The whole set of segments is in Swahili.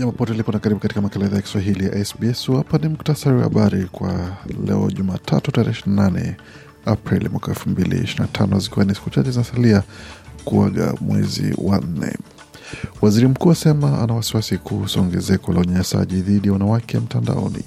Jambo pote lipo na karibu katika makala idhaa ya Kiswahili ya SBS. Hapa ni muktasari wa habari kwa leo Jumatatu tarehe 28 Aprili mwaka 2025 zikiwa ni siku chache zinasalia kuaga mwezi wa nne. Waziri mkuu asema ana wasiwasi kuhusu ongezeko la unyanyasaji dhidi ya wanawake mtandaoni.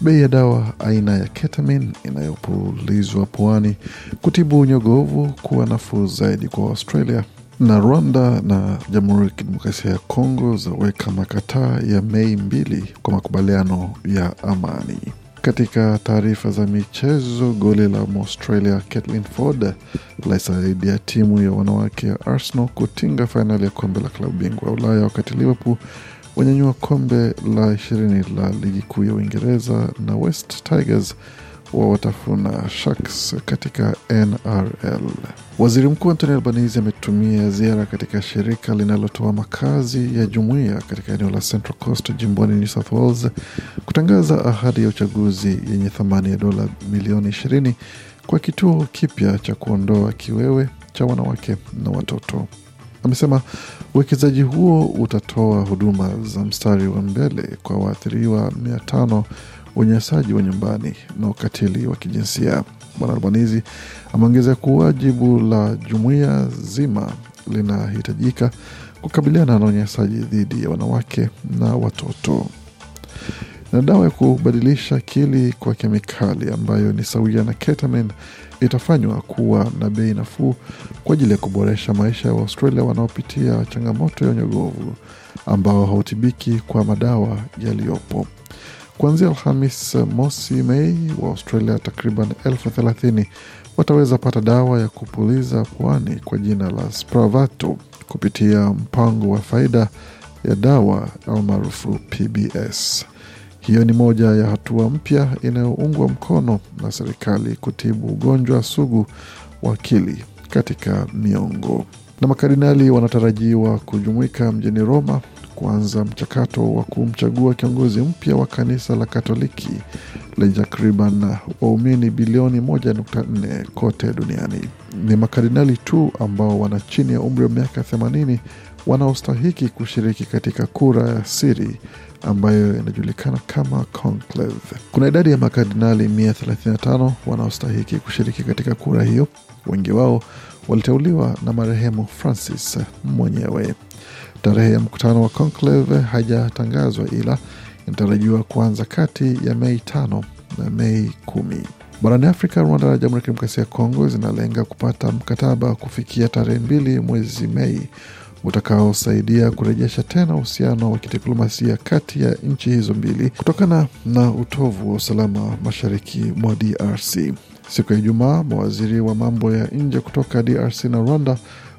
Bei ya dawa aina ya ketamin inayopulizwa puani kutibu unyogovu kuwa nafuu zaidi kwa Australia na Rwanda na Jamhuri ya Kidemokrasia ya Kongo zaweka makataa ya Mei mbili kwa makubaliano ya amani. Katika taarifa za michezo, goli la Mwaustralia Caitlin Ford laisaidia timu ya wanawake ya Arsenal kutinga fainali ya kombe la klabu bingwa Ulaya, wakati Liverpool wanyanyua kombe la ishirini la ligi kuu ya Uingereza na West Tigers wa watafuna shaks katika NRL. Waziri Mkuu Antoni Albanese ametumia ziara katika shirika linalotoa makazi ya jumuiya katika eneo la Central Coast jimboni New South Wales kutangaza ahadi ya uchaguzi yenye thamani ya dola milioni 20 kwa kituo kipya cha kuondoa kiwewe cha wanawake na watoto. Amesema uwekezaji huo utatoa huduma za mstari wa mbele kwa waathiriwa mia tano unyanyasaji wa nyumbani na ukatili wa kijinsia. Bwana Albanizi ameongeza kuwa jibu la jumuiya zima linahitajika kukabiliana na unyanyasaji dhidi ya wanawake na watoto. Na dawa ya kubadilisha akili kwa kemikali ambayo ni sawia na ketamine itafanywa kuwa na bei nafuu kwa ajili ya kuboresha maisha ya wa Waaustralia wanaopitia changamoto ya unyogovu ambao hautibiki kwa madawa yaliyopo. Kuanzia Alhamis mosi Mei, wa Australia takriban elfu thelathini wataweza pata dawa ya kupuliza pwani kwa jina la Spravato kupitia mpango wa faida ya dawa almaarufu PBS. Hiyo ni moja ya hatua mpya inayoungwa mkono na serikali kutibu ugonjwa sugu wa akili katika miongo. Na makardinali wanatarajiwa kujumuika mjini Roma kuanza mchakato wa kumchagua kiongozi mpya wa kanisa la Katoliki lenye takriban waumini bilioni 1.4 kote duniani. Ni makardinali tu ambao wana chini ya umri wa miaka 80 wanaostahiki kushiriki katika kura ya siri ambayo inajulikana kama conclave. Kuna idadi ya makardinali 135 wanaostahiki kushiriki katika kura hiyo. Wengi wao waliteuliwa na marehemu Francis mwenyewe. Tarehe ya mkutano wa conclave haijatangazwa ila inatarajiwa kuanza kati ya Mei tano na Mei kumi. Barani Afrika, Rwanda na Jamhuri ya Kidemokrasia ya Kongo zinalenga kupata mkataba kufikia tarehe mbili mwezi Mei utakaosaidia kurejesha tena uhusiano wa kidiplomasia kati ya nchi hizo mbili kutokana na utovu wa usalama mashariki mwa DRC. Siku ya Ijumaa, mawaziri wa mambo ya nje kutoka DRC na Rwanda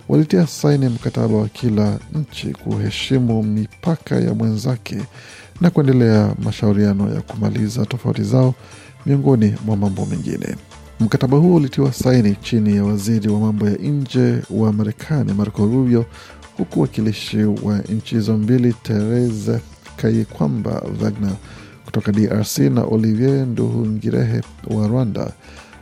walitia saini mkataba wa kila nchi kuheshimu mipaka ya mwenzake na kuendelea mashauriano ya kumaliza tofauti zao, miongoni mwa mambo mengine. Mkataba huo ulitiwa saini chini ya waziri wa mambo ya nje wa Marekani Marco Rubio, huku wakilishi wa nchi hizo mbili Therese Kayikwamba Wagner kutoka DRC na Olivier Nduhungirehe wa Rwanda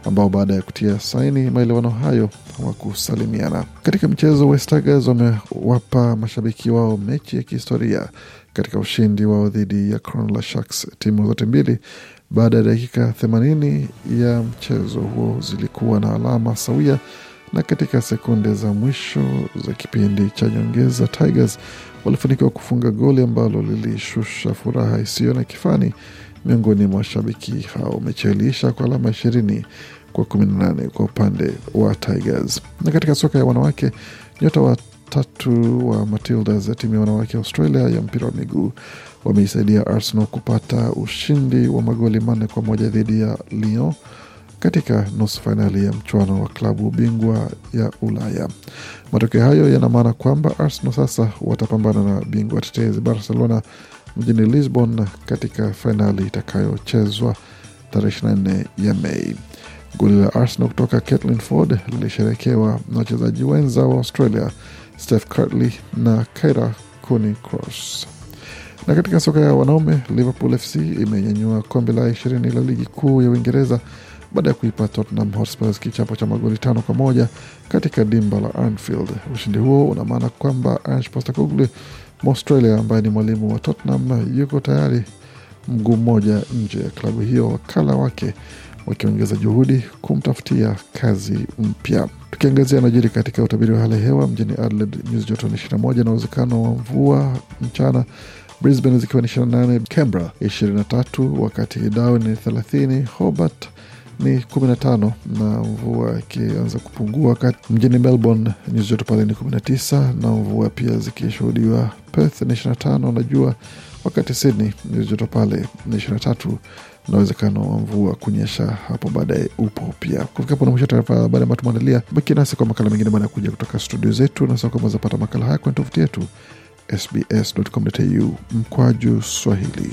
ambao baada ya kutia saini maelewano hayo hawakusalimiana. Katika mchezo, West Tigers wamewapa mashabiki wao mechi ya kihistoria katika ushindi wao dhidi ya Cronulla Sharks. Timu zote mbili baada ya dakika 80 ya mchezo huo zilikuwa na alama sawia, na katika sekunde za mwisho za kipindi cha nyongeza Tigers walifanikiwa kufunga goli ambalo lilishusha furaha isiyo na kifani miongoni mwa shabiki hao, mechi iliisha kwa alama ishirini kwa kumi nane kwa upande wa Tigers. Na katika soka ya wanawake, nyota watatu wa Matildas ya timu ya wanawake Australia ya mpira wa miguu wameisaidia Arsenal kupata ushindi wa magoli manne kwa moja dhidi ya Lyon katika nusu fainali ya mchuano wa klabu bingwa ya Ulaya. Matokeo hayo yana maana kwamba Arsenal sasa watapambana na bingwa tetezi Barcelona mjini Lisbon katika fainali itakayochezwa tarehe 24 ya Mei. Goli la Arsenal kutoka Caitlin Ford lilisherekewa na wachezaji wenza wa Australia Steph Curtley na Kyra Cooney Cross. Na katika soka ya wanaume, Liverpool FC imenyanyua kombe la 20 la ligi kuu ya Uingereza baada ya kuipa Tottenham Hotspurs kichapo cha magoli tano kwa moja katika dimba la Anfield. Ushindi huo una maana kwamba Ange Postecoglou Mwaustralia ambaye ni mwalimu wa Tottenham yuko tayari mguu mmoja nje ya klabu hiyo, wakala wake wakiongeza juhudi kumtafutia kazi mpya. Tukiangazia najiri katika utabiri wa hali ya hewa mjini Adelaide, nyuzi joto ni 21 na uwezekano wa mvua mchana. Brisbane zikiwa ni 28, Canberra 23, wakati Darwin ni 30, Hobart ni 15 na mvua ikianza kupungua, Kati mjini Melbourne nyuzi joto pale ni 19 na mvua pia zikishuhudiwa Perth ni 25 na jua, wakati Sydney nyuzi joto pale ni 23 na uwezekano wa mvua kunyesha hapo baadaye upo pia. Kufika hapo na mwisho taarifa habari ambayo tumeandalia. Baki nasi kwa makala mengine baada ya kuja kutoka studio zetu, na sasa kwamba zapata makala haya kwenye tovuti yetu sbs.com.au mkwaju Swahili.